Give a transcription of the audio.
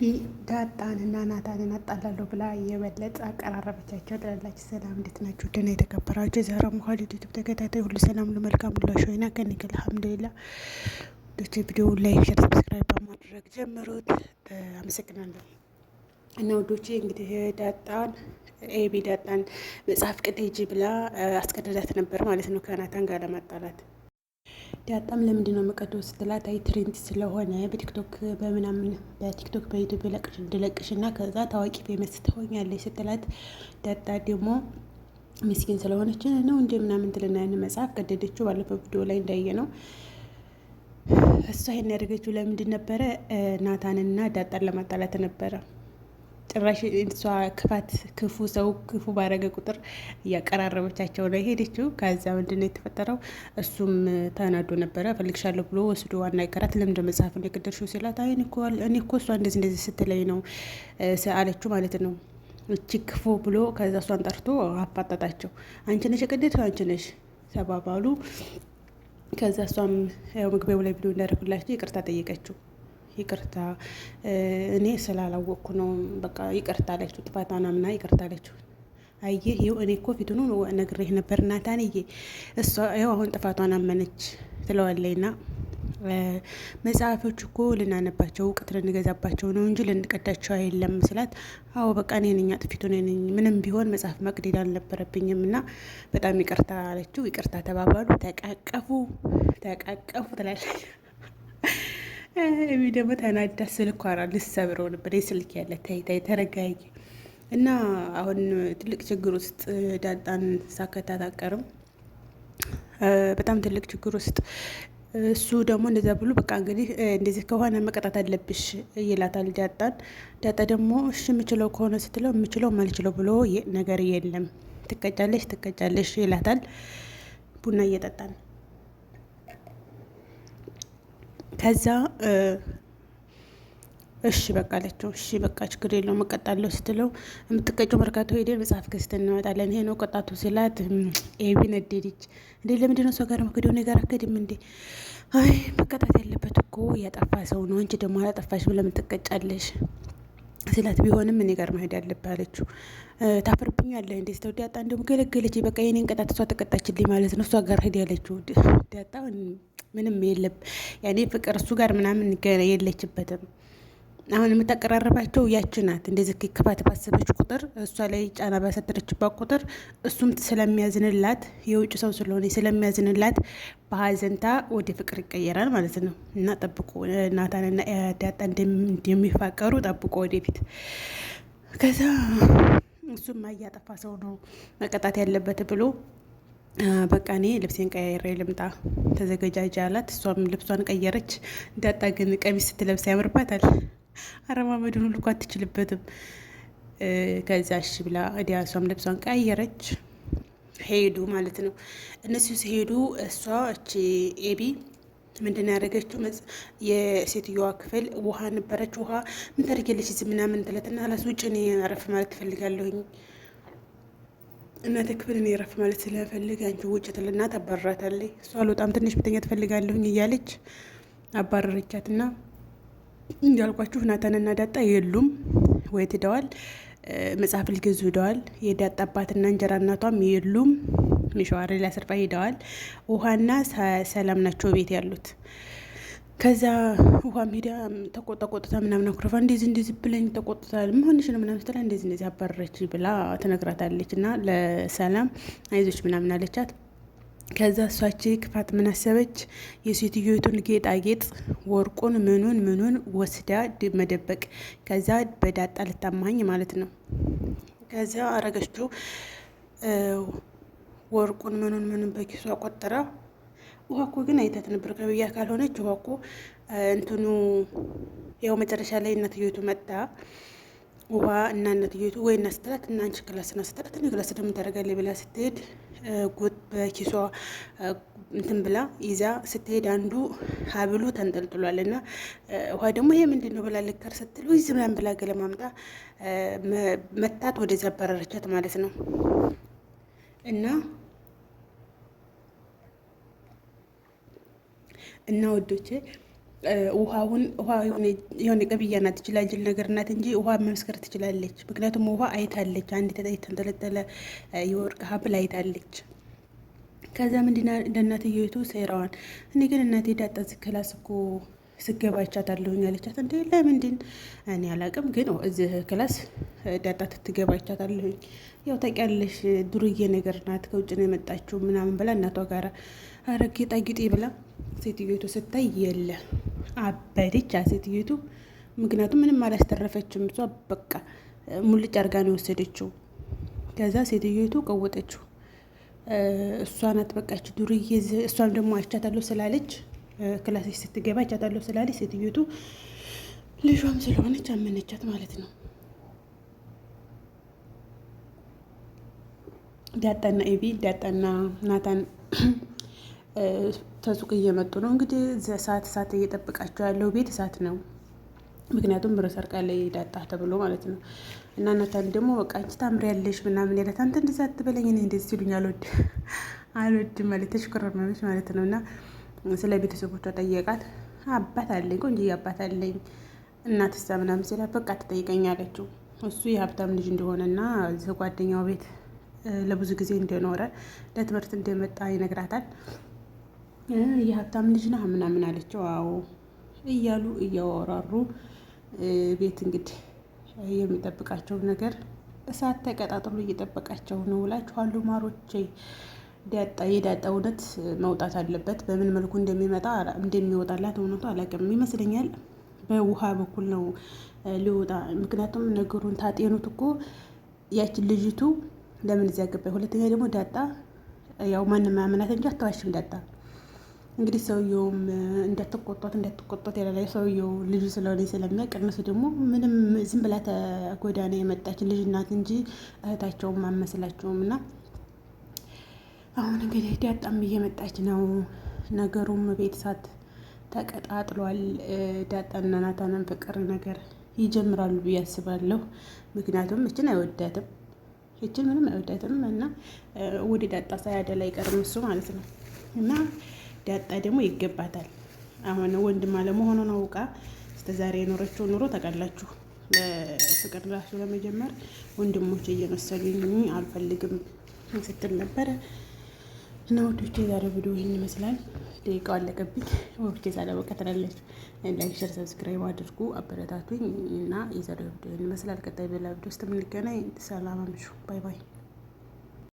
እንግዲህ ዳጣን እና ናታንን አጣላለሁ ብላ የበለጠ አቀራረበቻቸው። ጠላላችሁ ሰላም እንዴት ናችሁ? ደህና የተከበራችሁ የዛራ መኋል ዩቱብ ተከታታይ ሁሉ ሰላም ሁሉ መልካም ብሏሽ ወይና ከኒክ አልሐምዱሊላ። ዶች ቪዲዮ ላይክ፣ ሸር፣ ሰብስክራይብ በማድረግ ጀምሩት። አመሰግናለሁ። እና ወዶቼ እንግዲህ ዳጣን ኤቢ ዳጣን መጽሐፍ ቅዴጂ ብላ አስገደዳት ነበር ማለት ነው ከናታን ጋር ለማጣላት ዳጣም ለምንድን ነው መቀዶ ስትላት አይ ትሬንድ ስለሆነ በቲክቶክ በምናምን በቲክቶክ በዩቱብ ለቅሽ እንድለቅሽ እና ከዛ ታዋቂ ፌመስ ትሆኛለች ስትላት ዳጣ ደግሞ ምስኪን ስለሆነች ነው እንደ ምናምን ትልና ያን መጽሐፍ ቀደደችው። ባለፈው ቪዲዮ ላይ እንዳየ ነው እሷ ይሄን ያደረገችው ለምንድን ነበረ? ናታንና ዳጣን ለማጣላት ነበረ። ጭራሽ እሷ ክፋት ክፉ ሰው ክፉ ባረገ ቁጥር እያቀራረበቻቸው ነው የሄደችው። ከዚያ ምንድን ነው የተፈጠረው? እሱም ተናዶ ነበረ። ፈልግሻለሁ ብሎ ወስዶ አናገራት። ለምንድን ነው መጽሐፍ እንደገደልሽው ሲላት፣ አይ እኔ እኮ እሷ እንደዚህ እንደዚህ ስትለኝ ነው አለችው ማለት ነው እቺ ክፉ ብሎ ከዛ እሷን ጠርቶ አፋጠጣቸው። አንቺ ነሽ የቀደድሽው፣ አንቺ ነሽ ተባባሉ። ከዛ እሷም ምግቤው ላይ ብሎ እንዳደረግላቸው ይቅርታ ጠየቀችው። ይቅርታ እኔ ስላላወቅኩ ነው በቃ ይቅርታ አለችው። ጥፋቷን አምና ይቅርታ አለችው። አየ ይው እኔ እኮ ፊቱኑ ነግሬህ ነበር ናታንዬ። እሷ ይው አሁን ጥፋቷን አመነች ትለዋለይና መጽሐፎች እኮ ልናነባቸው እውቀት ልንገዛባቸው ነው እንጂ ልንቀዳቸው አይደለም ስላት፣ አዎ በቃ እኔ ነኝ አጥፊቱ ነኝ፣ ምንም ቢሆን መጽሐፍ መቅደድ አልነበረብኝም እና በጣም ይቅርታ አለችው። ይቅርታ ተባባሉ፣ ተቃቀፉ፣ ተቃቀፉ ትላለች። እኔ ደግሞ ተናዳ ስልኳራ ልሰብረው ነበር። የስልክ ያለ ተይታይ ተረጋጊ እና አሁን ትልቅ ችግር ውስጥ ዳጣን ሳከታት አቀርም በጣም ትልቅ ችግር ውስጥ እሱ ደግሞ እንደዛ ብሎ በቃ እንግዲህ እንደዚህ ከሆነ መቀጣት አለብሽ ይላታል ዳጣን። ዳጣ ደግሞ እሺ የምችለው ከሆነ ስትለው የምችለው ማልችለው ብሎ ነገር የለም ትቀጫለሽ፣ ትቀጫለሽ ይላታል። ቡና እየጠጣ ነው ከዛ እሺ በቃ አለችው። እሺ በቃ ችግር የለውም እቀጣለሁ ስትለው የምትቀጨው መርካቶ ሄደን መጽሐፍ ገዝተን እንመጣለን ይሄ ነው ቅጣቱ ሲላት ኤቢ ነደደች። እንዴ ለምንድን ነው ሰው ጋር መክደው እኔ ጋር አከድም እንዴ? አይ መቀጣት ያለበት እኮ ያጠፋ ሰው ነው። አንቺ ደግሞ አላጠፋሽም ለምን ትቀጫለሽ? ስላት ቢሆንም እኔ ጋር መሄድ አለብህ አለችው። ታፍርብኛለህ እንዴ ስተው ዲያጣ እንዲሁም ገለገለች። በቃ የኔን ቅጣት እሷ ተቀጣችልኝ ማለት ነው እሷ ጋር ሄድ ያለችው ዲያጣ ምንም የለም። ያኔ ፍቅር እሱ ጋር ምናምን የለችበትም። አሁን የምታቀራረባቸው ያች ናት። እንደዚህ ክፋት ባሰበች ቁጥር እሷ ላይ ጫና ባሳደረችባት ቁጥር እሱም ስለሚያዝንላት የውጭ ሰው ስለሆነ ስለሚያዝንላት በሀዘንታ ወደ ፍቅር ይቀየራል ማለት ነው። እና ጠብቆ ናታንና ዳጣ እንደሚፋቀሩ ጠብቆ ወደፊት ከዛ እሱም አያጠፋ ሰው ነው መቀጣት ያለበት ብሎ በቃ እኔ ልብሴን ቀያይሬ ልምጣ ተዘገጃጃ አላት። እሷም ልብሷን ቀየረች። እንዳጣ ግን ቀሚስ ስትለብስ ያምርባታል። አረማመዱን ሁሉ እኮ አትችልበትም። ከዛ እሺ ብላ እዲያ እሷም ልብሷን ቀያየረች። ሄዱ ማለት ነው። እነሱ ሲሄዱ እሷ እቺ ኤቢ ምንድን ያደረገችው የሴትዮዋ ክፍል ውሃ ነበረች። ውሃ ምን ታደርጊያለሽ ምናምን ትለትና ላስ ውጭ እኔ አረፍ ማለት ትፈልጋለሁኝ እናተ ክፍል እኔ ረፍ ማለት ስለፈልግ አንቺ ውጭ ትልና ታባርራታለች። እሷ አልወጣም ትንሽ ብተኛ ትፈልጋለሁኝ እያለች አባረረቻትና እንዳልኳችሁ ናታንና ዳጣ የሉም ወይት ሄደዋል፣ መጽሐፍ ልገዙ ሂደዋል የዳጣ አባትና እንጀራ እናቷም የሉም፣ ምሸዋሪ ሊያስርባ ሂደዋል። ውሃና ሰላም ናቸው ቤት ያሉት። ከዛ ውሃ ሄዳ ተቆጣቆጥታ ምናምን አኩረፋ እንደዚህ እንደዚህ ብለኝ ተቆጥታል ነው ምናምን ስትላ እንደዚህ እንደዚህ አባረረች ብላ ትነግራታለች። እና ለሰላም አይዞች ምናምን አለቻት። ከዛ እሷች ክፋት ምን አሰበች? የሴትዮቱን ጌጣጌጥ ወርቁን ምኑን ምኑን ወስዳ መደበቅ፣ ከዛ በዳጣ ልታማኝ ማለት ነው። ከዛ አረገችው ወርቁን ምኑን ምኑን በኪሷ ቆጠራ ውሃ እኮ ግን አይታት ነበር ከብያ ካልሆነች ውሃ እኮ እንትኑ ያው መጨረሻ ላይ እናትየቱ መጣ። ውሃ እና እናትየቱ ወይ እና ስትላት እና አንቺ ክላስ ና ስትላት እኔ ክላስ ደግሞ ታደርጋለች ብላ ስትሄድ ጉጥ በኪሷ እንትን ብላ ይዛ ስትሄድ አንዱ ሀብሉ ተንጠልጥሏል እና ውሃ ደግሞ ይሄ ምንድን ነው ብላ ልከር ስትል ወይ ዝምላን ብላ ብላ ገለማምጣ መታት ወደዛ አባረረቻት ማለት ነው እና እና ወዶቼ ውሃውን ውሃ የሆነ ቅብያ ናት ይችላ ነገር ናት እንጂ ውሃ መመስከር ትችላለች። ምክንያቱም ውሃ አይታለች። አንድ የተንጠለጠለ የወርቅ ሀብል አይታለች። ከዛ ምንድን እንደእናትየቱ ሴራዋን እኔ ግን እናቴ ዳጣ ዝክላስኮ ስገባ ይቻታለሁኝ አለቻት። እንዴ ለምንድን እኔ አላቅም፣ ግን እዚህ ክላስ ዳጣ ትትገባ ይቻታለሁኝ። ያው ታውቂያለሽ ዱርዬ ነገር ናት ከውጭ ነው የመጣችው ምናምን ብላ እናቷ ጋር ኧረ ጌጣጌጤ ብላ ሴትዮቱ ስታይ የለ አበደች ሴትዮቱ። ምክንያቱም ምንም አላስተረፈችም እሷ በቃ ሙልጭ አርጋ ነው የወሰደችው። ከዛ ሴትዮቱ ቀወጠችው። እሷ ናት በቃች ዱርዬ። እሷም ደግሞ አይቻታለሁ ስላለች ክላሴ ስትገባ ይቻታለሁ ስላለ ሴትዮቱ ልጇም ስለሆነች አመነቻት ማለት ነው። ዳጣና ኤቢ ዳጣና ናታን ተዙቅ እየመጡ ነው እንግዲህ ሰዓት ሰዓት እየጠበቃቸው ያለው ቤት እሳት ነው። ምክንያቱም ብር ሰርቃ ላይ ዳጣ ተብሎ ማለት ነው። እና ናታን ደግሞ በቃ አንቺ ታምሪያለሽ ምናምን ያለት አንተ እንደዚያ አትበለኝ እኔ እንደዚህ ሲሉኝ አልወድ አልወድ ማለት ተሽከረመመች ማለት ነው እና ስለ ቤተሰቦቿ ጠየቃት። አባት አለኝ ቆንጆ አባት አለኝ እናትሳ ምናምን ሲላት በቃ ትጠይቀኝ አለችው። እሱ የሀብታም ልጅ እንደሆነና እዚህ ጓደኛው ቤት ለብዙ ጊዜ እንደኖረ ለትምህርት እንደመጣ ይነግራታል። የሀብታም ልጅ ነህ ምናምን አለችው። አዎ እያሉ እያወራሩ ቤት እንግዲህ የሚጠብቃቸው ነገር እሳት ተቀጣጥሎ እየጠበቃቸው ነው እላችኋለሁ ማሮቼ። ዳጣ የዳጣ እውነት መውጣት አለበት። በምን መልኩ እንደሚመጣ እንደሚወጣላት እውነቱ አላውቅም ይመስለኛል። በውሃ በኩል ነው ሊወጣ። ምክንያቱም ነገሩን ታጤኑት እኮ ያችን ልጅቱ ለምን እዚያ ገባይ። ሁለተኛ ደግሞ ዳጣ ያው ማንም ያምናት እንጂ አታዋሽም ዳጣ። እንግዲህ ሰውየውም እንዳትቆጧት እንዳትቆጧት ያላለ ሰውየው ልጁ ስለሆነ ስለሚያውቅ እነሱ ደግሞ ምንም ዝም ብላ ተጎዳና የመጣች ልጅ ናት እንጂ እህታቸውም አመስላቸውም እና አሁን እንግዲህ ዳጣም እየመጣች ነው። ነገሩም ቤት ሳት ተቀጣጥሏል። ዳጣና ናታንን ፍቅር ነገር ይጀምራሉ ብዬ አስባለሁ። ምክንያቱም እችን አይወዳትም፣ እችን ምንም አይወዳትም እና ወደ ዳጣ ሳያደላ አይቀርም እሱ ማለት ነው እና ዳጣ ደግሞ ይገባታል። አሁን ወንድም አለመሆኑን አውቃ እስከዛሬ የኖረችው ኑሮ ታውቃላችሁ። ፍቅር ራሱ ለመጀመር ወንድሞች እየመሰሉኝ አልፈልግም ስትል ነበረ። እና ውዶቼ የዛሬው ቪዲዮ ይህን ይመስላል። ደቂቃው አለቀብኝ። ውዶቼ ዛሬ በቃ ትላለች። ላይክ፣ ሸር፣ ሰብስክራይብ አድርጉ አበረታቱኝ እና የዛሬው ቪዲዮ ይህን ይመስላል። ቀጣይ በሌላ ቪዲዮ ውስጥ የምንገናኝ። ሰላም አምሹ። ባይ ባይ።